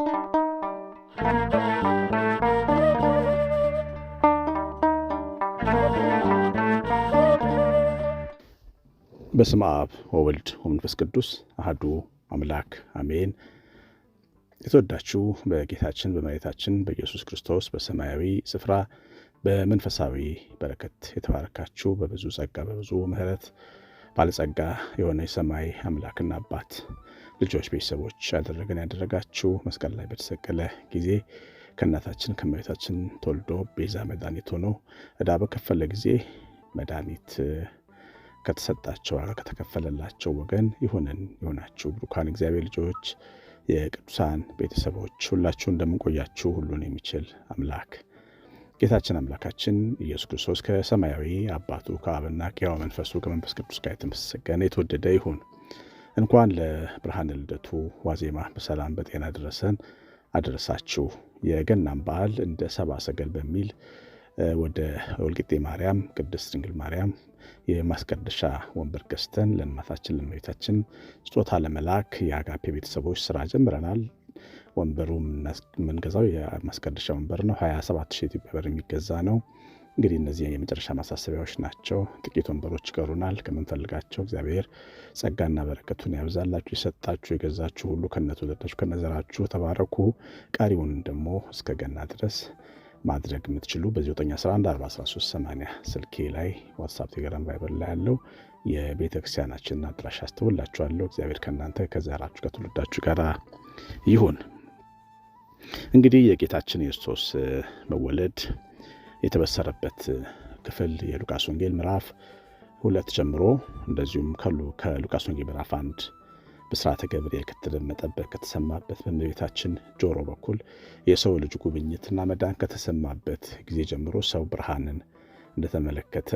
በስመ አብ ወወልድ ወመንፈስ ቅዱስ አህዱ አምላክ አሜን። የተወዳችሁ በጌታችን በመሬታችን በኢየሱስ ክርስቶስ በሰማያዊ ስፍራ በመንፈሳዊ በረከት የተባረካችሁ በብዙ ጸጋ በብዙ ምሕረት ባለጸጋ የሆነ የሰማይ አምላክና አባት ልጆች ቤተሰቦች ያደረገን ያደረጋችሁ መስቀል ላይ በተሰቀለ ጊዜ ከእናታችን ከመቤታችን ተወልዶ ቤዛ መድኃኒት ሆኖ እዳ በከፈለ ጊዜ መድኃኒት ከተሰጣቸው ዋጋ ከተከፈለላቸው ወገን ይሆነን የሆናችሁ ብሩካን እግዚአብሔር ልጆች የቅዱሳን ቤተሰቦች ሁላችሁ እንደምንቆያችሁ ሁሉን የሚችል አምላክ ጌታችን አምላካችን ኢየሱስ ክርስቶስ ከሰማያዊ አባቱ ከአብና ከሕያው መንፈሱ ከመንፈስ ቅዱስ ጋር የተመሰገነ የተወደደ ይሁን። እንኳን ለብርሃነ ልደቱ ዋዜማ በሰላም በጤና ደረሰን አደረሳችሁ። የገናም በዓል እንደ ሰብአ ሰገል በሚል ወደ ወልቂጤ ማርያም ቅድስት ድንግል ማርያም የማስቀደሻ ወንበር ገዝተን ለእናታችን ለመቤታችን ስጦታ ለመላክ የአጋፔ ቤተሰቦች ስራ ጀምረናል። ወንበሩ የምንገዛው የማስቀደሻ ወንበር ነው። 27 ሺህ ኢትዮጵያ ብር የሚገዛ ነው። እንግዲህ እነዚህ የመጨረሻ ማሳሰቢያዎች ናቸው። ጥቂት ወንበሮች ይቀሩናል። ከምንፈልጋቸው እግዚአብሔር ጸጋና በረከቱን ያብዛላችሁ። የሰጣችሁ የገዛችሁ ሁሉ ከነትውልዳችሁ ከነዘራችሁ ተባረኩ። ቀሪውን ደግሞ እስከ ገና ድረስ ማድረግ የምትችሉ በ9114380 ስልኬ ላይ ዋትሳፕ፣ ቴሌግራም፣ ቫይበር ላይ ያለው የቤተክርስቲያናችንን አድራሻ አስተውላችኋለሁ። እግዚአብሔር ከእናንተ ከዘራችሁ ከትውልዳችሁ ጋር ይሁን። እንግዲህ የጌታችን የክርስቶስ መወለድ የተበሰረበት ክፍል የሉቃስ ወንጌል ምዕራፍ ሁለት ጀምሮ እንደዚሁም ከሉቃስ ወንጌል ምዕራፍ አንድ ብስራተ ገብርኤል ከተደመጠበት ከተሰማበት በእመቤታችን ጆሮ በኩል የሰው ልጅ ጉብኝትና መዳን ከተሰማበት ጊዜ ጀምሮ ሰው ብርሃንን እንደተመለከተ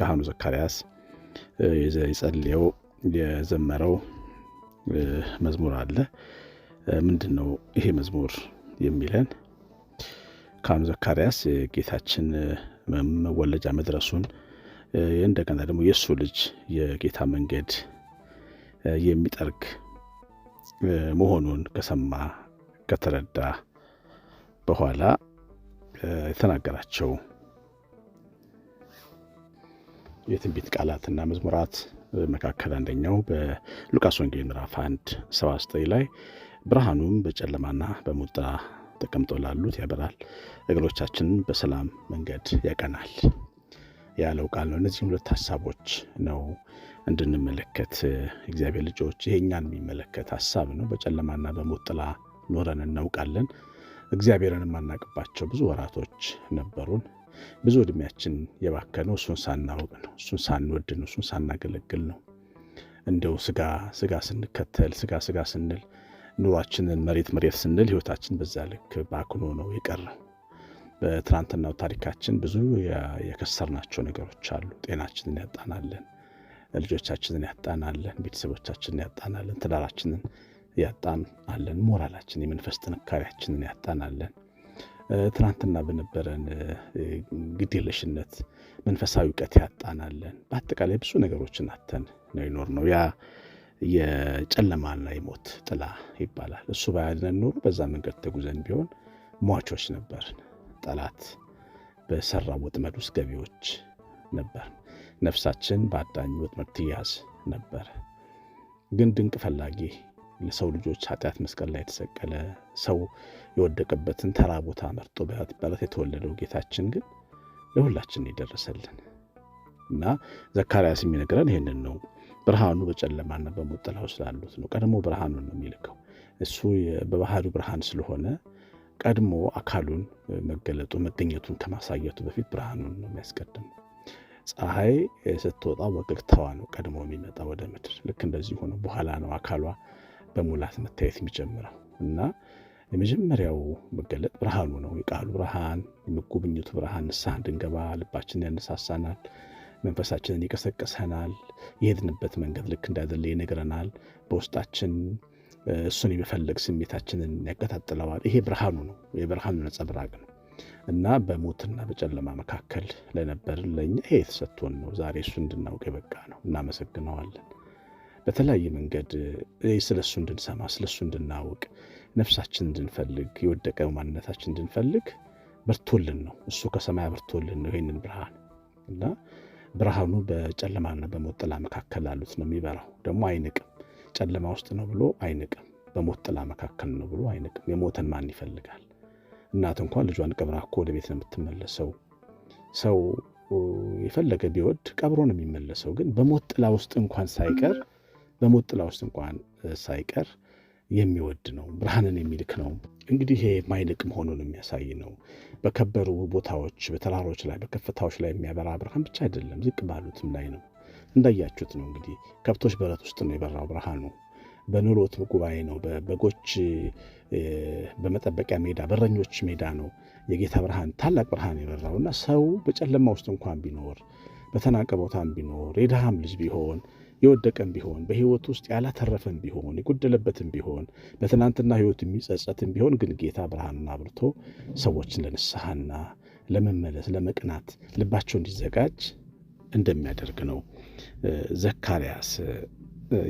ካህኑ ዘካርያስ የጸለየው የዘመረው መዝሙር አለ። ምንድን ነው ይሄ መዝሙር የሚለን? ካህኑ ዘካርያስ የጌታችን መወለጃ መድረሱን እንደገና ደግሞ የእሱ ልጅ የጌታ መንገድ የሚጠርግ መሆኑን ከሰማ ከተረዳ በኋላ የተናገራቸው የትንቢት ቃላትና መዝሙራት መካከል አንደኛው በሉቃስ ወንጌል ምዕራፍ 1 79 ላይ ብርሃኑም በጨለማና በሙጣ ተቀምጦ ላሉት ያበራል፣ እግሮቻችንን በሰላም መንገድ ያቀናል ያለው ቃል ነው። እነዚህ ሁለት ሀሳቦች ነው እንድንመለከት እግዚአብሔር ልጆች፣ ይሄ እኛን የሚመለከት ሀሳብ ነው። በጨለማና በሞት ጥላ ኖረን እናውቃለን። እግዚአብሔርን የማናቅባቸው ብዙ ወራቶች ነበሩን። ብዙ እድሜያችን የባከነው እሱን ሳናውቅ ነው። እሱን ሳንወድ ነው። እሱን ሳናገለግል ነው። እንደው ስጋ ስጋ ስንከተል ስጋ ስጋ ስንል ኑሯችንን መሬት መሬት ስንል ህይወታችን በዛ ልክ ባክኖ ነው የቀረው። በትናንትናው ታሪካችን ብዙ የከሰርናቸው ነገሮች አሉ። ጤናችንን ያጣናለን፣ ልጆቻችንን ያጣናለን፣ ቤተሰቦቻችንን ያጣናለን፣ ትዳራችንን ያጣናለን፣ ሞራላችን የመንፈስ ጥንካሬያችንን ያጣናለን። ትናንትና በነበረን ግዴለሽነት መንፈሳዊ እውቀት ያጣናለን። በአጠቃላይ ብዙ ነገሮችን አተን ነው ይኖር ነው። ያ የጨለማና የሞት ጥላ ይባላል። እሱ ባያድነን ኖሮ በዛ መንገድ ተጉዘን ቢሆን ሟቾች ነበርን። ጠላት በሰራ ወጥመድ ውስጥ ገቢዎች ነበር። ነፍሳችን በአዳኝ ወጥመድ ትያዝ ነበር። ግን ድንቅ ፈላጊ ለሰው ልጆች ኃጢአት መስቀል ላይ የተሰቀለ ሰው የወደቀበትን ተራ ቦታ መርጦ በረት የተወለደው ጌታችን ግን ለሁላችን የደረሰልን እና ዘካርያስ የሚነግረን ይህንን ነው። ብርሃኑ በጨለማና በሞት ጥላ ውስጥ ላሉት ነው። ቀድሞ ብርሃኑን ነው የሚልከው። እሱ በባህሪ ብርሃን ስለሆነ ቀድሞ አካሉን መገለጡ መገኘቱን ከማሳየቱ በፊት ብርሃኑን ነው የሚያስቀድም። ፀሐይ ስትወጣ ወገግታዋ ነው ቀድሞ የሚመጣ ወደ ምድር። ልክ እንደዚህ ሆነ። በኋላ ነው አካሏ በሙላት መታየት የሚጀምረው እና የመጀመሪያው መገለጥ ብርሃኑ ነው። የቃሉ ብርሃን፣ የመጎብኘቱ ብርሃን ንስሐ እንድንገባ ልባችንን ያነሳሳናል፣ መንፈሳችንን ይቀሰቅሰናል፣ የሄድንበት መንገድ ልክ እንዳይደለ ይነግረናል። በውስጣችን እሱን የመፈለግ ስሜታችንን ያቀጣጥለዋል። ይሄ ብርሃኑ ነው፣ የብርሃኑ ነጸብራቅ ነው እና በሞትና በጨለማ መካከል ለነበር ለኛ ይሄ የተሰጥቶን ነው። ዛሬ እሱ እንድናውቅ የበቃ ነው። እናመሰግነዋለን። በተለያየ መንገድ ስለሱ እንድንሰማ ስለሱ እንድናውቅ ነፍሳችን እንድንፈልግ የወደቀ ማንነታችን እንድንፈልግ በርቶልን ነው። እሱ ከሰማይ በርቶልን ነው ይህንን ብርሃን እና ብርሃኑ በጨለማና በሞት ጥላ መካከል ላሉት ነው የሚበራው። ደግሞ አይንቅም። ጨለማ ውስጥ ነው ብሎ አይንቅም። በሞት ጥላ መካከል ነው ብሎ አይንቅም። የሞተን ማን ይፈልጋል? እናት እንኳን ልጇን ቀብራ እኮ ወደ ቤት ነው የምትመለሰው። ሰው የፈለገ ቢወድ ቀብሮ ነው የሚመለሰው። ግን በሞት ጥላ ውስጥ እንኳን ሳይቀር በሞት ጥላ ውስጥ እንኳን ሳይቀር የሚወድ ነው፣ ብርሃንን የሚልክ ነው። እንግዲህ ይሄ የማይንቅ መሆኑን የሚያሳይ ነው። በከበሩ ቦታዎች፣ በተራሮች ላይ፣ በከፍታዎች ላይ የሚያበራ ብርሃን ብቻ አይደለም፣ ዝቅ ባሉትም ላይ ነው። እንዳያችሁት ነው እንግዲህ ከብቶች በረት ውስጥ ነው የበራው ብርሃኑ። በኖሎት ጉባኤ ነው። በበጎች በመጠበቂያ ሜዳ፣ በረኞች ሜዳ ነው የጌታ ብርሃን ታላቅ ብርሃን የበራው እና ሰው በጨለማ ውስጥ እንኳን ቢኖር በተናቀ ቦታም ቢኖር የድሃም ልጅ ቢሆን የወደቀም ቢሆን በህይወት ውስጥ ያላተረፈም ቢሆን የጎደለበትም ቢሆን በትናንትና ህይወት የሚጸጸትም ቢሆን ግን ጌታ ብርሃኑን አብርቶ ሰዎችን ለንስሐና ለመመለስ ለመቅናት ልባቸው እንዲዘጋጅ እንደሚያደርግ ነው ዘካርያስ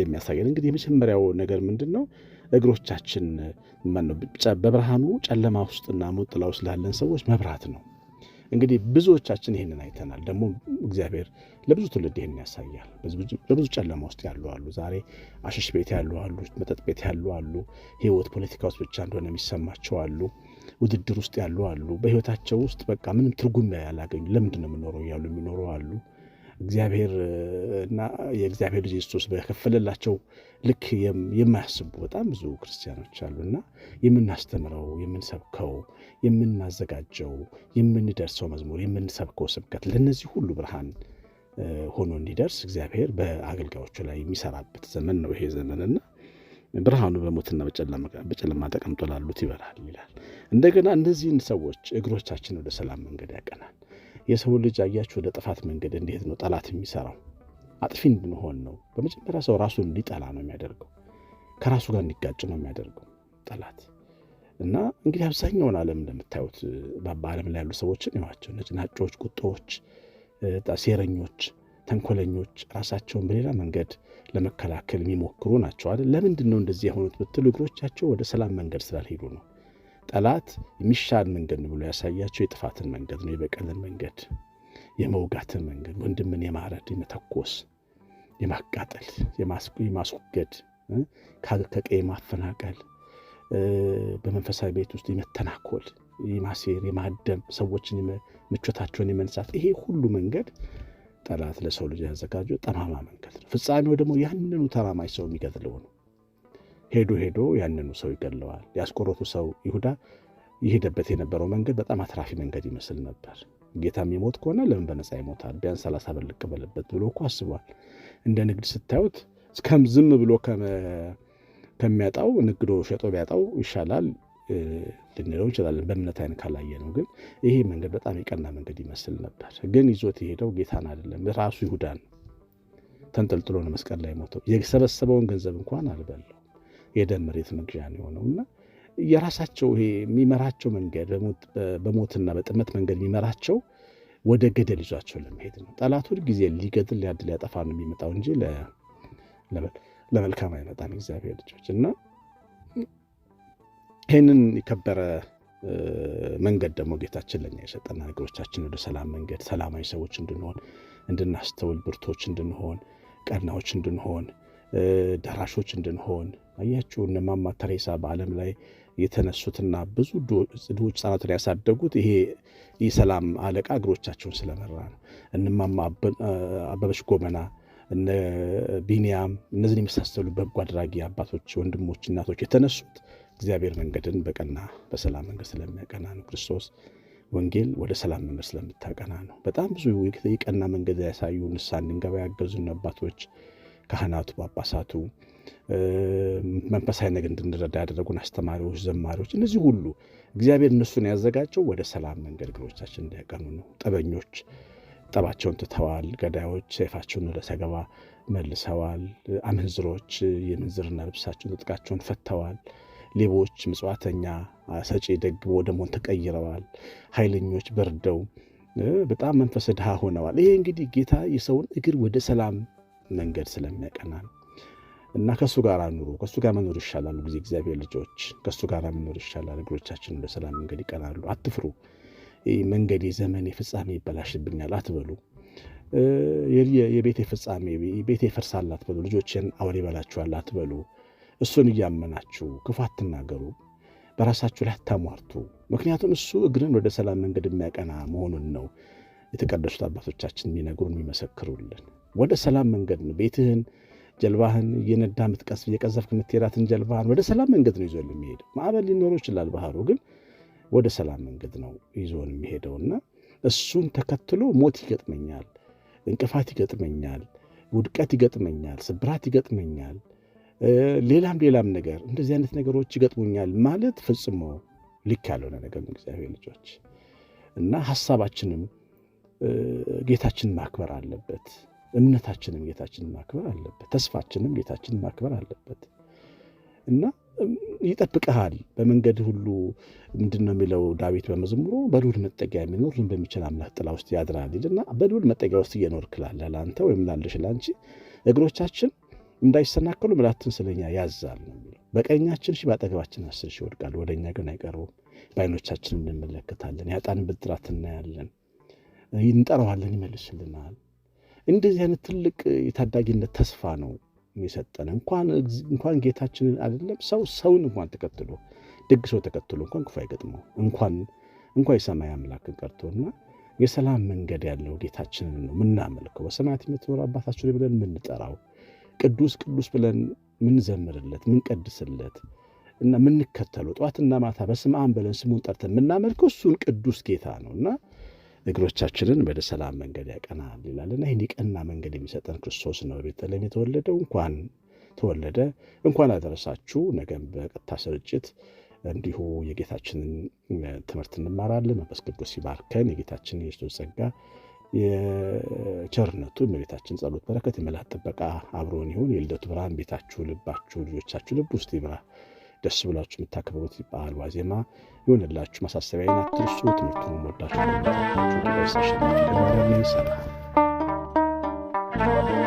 የሚያሳየን። እንግዲህ የመጀመሪያው ነገር ምንድን ነው? እግሮቻችን በብርሃኑ ጨለማ ውስጥና ሞጥላ ውስጥ ላለን ሰዎች መብራት ነው። እንግዲህ ብዙዎቻችን ይህንን አይተናል። ደግሞ እግዚአብሔር ለብዙ ትውልድ ይህንን ያሳያል። ለብዙ ጨለማ ውስጥ ያሉ አሉ። ዛሬ አሸሽ ቤት ያሉ አሉ፣ መጠጥ ቤት ያሉ አሉ፣ ህይወት ፖለቲካ ውስጥ ብቻ እንደሆነ የሚሰማቸው አሉ፣ ውድድር ውስጥ ያሉ አሉ፣ በህይወታቸው ውስጥ በቃ ምንም ትርጉም ያላገኙ ለምንድን ነው የምኖረው እያሉ የሚኖሩ አሉ። እግዚአብሔር እና የእግዚአብሔር ልጅ ኢየሱስ በከፈለላቸው ልክ የማያስቡ በጣም ብዙ ክርስቲያኖች አሉና የምናስተምረው፣ የምንሰብከው፣ የምናዘጋጀው፣ የምንደርሰው መዝሙር፣ የምንሰብከው ስብከት ለእነዚህ ሁሉ ብርሃን ሆኖ እንዲደርስ እግዚአብሔር በአገልጋዮቹ ላይ የሚሰራበት ዘመን ነው ይሄ ዘመንና ብርሃኑ በሞትና በጨለማ ተቀምጦ ላሉት ይበራል ይላል። እንደገና እነዚህን ሰዎች እግሮቻችን ወደ ሰላም መንገድ ያቀናል። የሰው ልጅ አያችሁ ወደ ጥፋት መንገድ እንዴት ነው ጠላት የሚሰራው? አጥፊ እንድንሆን ነው። በመጀመሪያ ሰው ራሱን እንዲጠላ ነው የሚያደርገው። ከራሱ ጋር እንዲጋጭ ነው የሚያደርገው ጠላት። እና እንግዲህ አብዛኛውን ዓለም እንደምታዩት በዓለም ላይ ያሉ ሰዎችን ይዋቸው ናጮዎች፣ ቁጦዎች፣ ሴረኞች፣ ተንኮለኞች ራሳቸውን በሌላ መንገድ ለመከላከል የሚሞክሩ ናቸው አይደል? ለምንድን ነው እንደዚህ የሆኑት ብትሉ እግሮቻቸው ወደ ሰላም መንገድ ስላልሄዱ ነው። ጠላት የሚሻል መንገድ ነው ብሎ ያሳያቸው የጥፋትን መንገድ ነው፣ የበቀልን መንገድ፣ የመውጋትን መንገድ፣ ወንድምን የማረድ የመተኮስ፣ የማቃጠል፣ የማስወገድ፣ ከቀይ ማፈናቀል፣ በመንፈሳዊ ቤት ውስጥ የመተናኮል፣ የማሴር፣ የማደም፣ ሰዎችን ምቾታቸውን የመንሳት ይሄ ሁሉ መንገድ ጠላት ለሰው ልጅ ያዘጋጀው ጠማማ መንገድ ነው። ፍጻሜው ደግሞ ያንኑ ተማማኝ ሰው የሚገድለው ነው። ሄዶ ሄዶ ያንኑ ሰው ይገለዋል። የአስቆሮቱ ሰው ይሁዳ ይሄደበት የነበረው መንገድ በጣም አትራፊ መንገድ ይመስል ነበር። ጌታም የሞት ከሆነ ለምን በነፃ ይሞታል? ቢያንስ ሰላሳ ብር ልቀበልበት ብሎ እኮ አስቧል። እንደ ንግድ ስታዩት እስከም ዝም ብሎ ከሚያጣው ንግዶ ሸጦ ቢያጣው ይሻላል ልንለው እንችላለን፣ በእምነት አይን ካላየ ነው። ግን ይሄ መንገድ በጣም የቀና መንገድ ይመስል ነበር። ግን ይዞት የሄደው ጌታን አይደለም ራሱ ይሁዳን ተንጠልጥሎ ነው መስቀል ላይ ሞተው። የሰበሰበውን ገንዘብ እንኳን አልበላው። የደም መሬት መግዣ ነው የሆነው እና የራሳቸው ይሄ የሚመራቸው መንገድ በሞትና በጥመት መንገድ የሚመራቸው ወደ ገደል ይዟቸው ለመሄድ ነው። ጠላት ሁል ጊዜ ሊገድል ሊያድ ያጠፋ ነው የሚመጣው እንጂ ለመልካም አይመጣም። እግዚአብሔር ልጆች እና ይህንን የከበረ መንገድ ደግሞ ጌታችን ለኛ የሰጠና ነገሮቻችን ወደ ሰላም መንገድ ሰላማዊ ሰዎች እንድንሆን እንድናስተውል ብርቶች እንድንሆን ቀናዎች እንድንሆን ደራሾች እንድንሆን አያችሁ። እነማማ ተሬሳ በዓለም ላይ የተነሱትና ብዙ ድሆች ሕፃናትን ያሳደጉት ይሄ የሰላም አለቃ እግሮቻቸውን ስለመራ ነው። እነማማ አበበች ጎመና፣ እነ ቢንያም እነዚህን የመሳሰሉ በጎ አድራጊ አባቶች፣ ወንድሞች፣ እናቶች የተነሱት እግዚአብሔር መንገድን በቀና በሰላም መንገድ ስለሚያቀና ነው። ክርስቶስ ወንጌል ወደ ሰላም መንገድ ስለምታቀና ነው። በጣም ብዙ የቀና መንገድ ያሳዩ ንስሐ እንድንገባ ያገዙን አባቶች ካህናቱ፣ ጳጳሳቱ፣ መንፈሳዊ ነገር እንድንረዳ ያደረጉን አስተማሪዎች፣ ዘማሪዎች፣ እነዚህ ሁሉ እግዚአብሔር እነሱን ያዘጋጀው ወደ ሰላም መንገድ እግሮቻችን እንዲያቀኑ ነው። ጠበኞች ጠባቸውን ትተዋል። ገዳዮች ሰይፋቸውን ወደ ሰገባ መልሰዋል። አመንዝሮች የምንዝርና ልብሳቸውን ትጥቃቸውን ፈተዋል። ሌቦች ምጽዋተኛ ሰጪ ደግ ወደ ተቀይረዋል። ኃይለኞች በርደው በጣም መንፈሰ ድሃ ሆነዋል። ይሄ እንግዲህ ጌታ የሰውን እግር ወደ ሰላም መንገድ ስለሚያቀና ነው እና ከእሱ ጋር ኑሮ ከእሱ ጋር መኖር ይሻላሉ ጊዜ እግዚአብሔር ልጆች ከእሱ ጋር መኖር ይሻላል። እግሮቻችን ወደ ሰላም መንገድ ይቀናሉ። አትፍሩ። መንገዴ፣ ዘመኔ፣ ፍጻሜ ይበላሽብኛል አትበሉ። የቤቴ ፍጻሜ ቤቴ ይፈርሳል አትበሉ። ልጆችን አውሬ ይበላችኋል አትበሉ። እሱን እያመናችሁ ክፉ አትናገሩ። በራሳችሁ ላይ አታሟርቱ። ምክንያቱም እሱ እግርን ወደ ሰላም መንገድ የሚያቀና መሆኑን ነው የተቀደሱት አባቶቻችን የሚነግሩን የሚመሰክሩልን። ወደ ሰላም መንገድ ነው። ቤትህን ጀልባህን እየነዳ ምትቀስ እየቀዘፍክ የምትሄዳትን ጀልባህን ወደ ሰላም መንገድ ነው ይዞን የሚሄድ ማዕበል ሊኖረው ይችላል ባህሩ ግን ወደ ሰላም መንገድ ነው ይዞን እና እሱን ተከትሎ ሞት ይገጥመኛል፣ እንቅፋት ይገጥመኛል፣ ውድቀት ይገጥመኛል፣ ስብራት ይገጥመኛል፣ ሌላም ሌላም ነገር እንደዚህ አይነት ነገሮች ይገጥሙኛል ማለት ፍጽሞ ልክ ያልሆነ ነገር ነው። እግዚአብሔር ልጆች እና ሀሳባችንም ጌታችን ማክበር አለበት። እምነታችንም ጌታችንን ማክበር አለበት። ተስፋችንም ጌታችንን ማክበር አለበት እና ይጠብቀሃል በመንገድ ሁሉ ምንድን ነው የሚለው ዳዊት በመዝሙሩ በልዑል መጠጊያ የሚኖር ሁሉን በሚችል አምላክ ጥላ ውስጥ ያድራል እና በልዑል መጠጊያ ውስጥ እየኖርክ ላለህ ለአንተ ወይም ላለሽ ለአንቺ እግሮቻችን እንዳይሰናከሉ ምላትን ስለኛ ያዛል ነው የሚለው በቀኛችን ሺ በአጠገባችን አስር ሺ ይወድቃል ወደ እኛ ግን አይቀርቡም በአይኖቻችን እንመለከታለን ያጣን ብድራት እናያለን እንጠራዋለን ይመልስልናል እንደዚህ አይነት ትልቅ የታዳጊነት ተስፋ ነው የሚሰጠን እንኳን ጌታችንን አይደለም ሰው ሰውን እንኳን ተከትሎ ደግ ሰው ተከትሎ እንኳን ክፉ አይገጥመው እንኳን እንኳን የሰማይ አምላክን ቀርቶና የሰላም መንገድ ያለው ጌታችንን ነው ምናመልከው በሰማያት የምትኖር አባታችን ብለን የምንጠራው ቅዱስ ቅዱስ ብለን ምንዘምርለት ምንቀድስለት እና ምንከተለው ጠዋትና ማታ በስመ አብ ብለን ስሙን ጠርተን የምናመልከው እሱን ቅዱስ ጌታ ነው እና እግሮቻችንን ወደ ሰላም መንገድ ያቀናል ይላልና ይህን የቀና መንገድ የሚሰጠን ክርስቶስ ነው። በቤተልሔም የተወለደው እንኳን ተወለደ፣ እንኳን አደረሳችሁ። ነገም በቀጥታ ስርጭት እንዲሁ የጌታችንን ትምህርት እንማራለን። መንፈስ ቅዱስ ሲባርከን የጌታችን የክርስቶስ ጸጋ የቸርነቱ የእመቤታችን ጸሎት በረከት የመላእክት ጥበቃ አብሮን ይሁን። የልደቱ ብርሃን ቤታችሁ፣ ልባችሁ፣ ልጆቻችሁ ልብ ውስጥ ይብራ። ደስ ብሏችሁ የምታከብሩት በዓል ዋዜማ ይሆንላችሁ። ማሳሰቢያን አትርሱ። ትምህርቱን ወዳችሁ ሰላም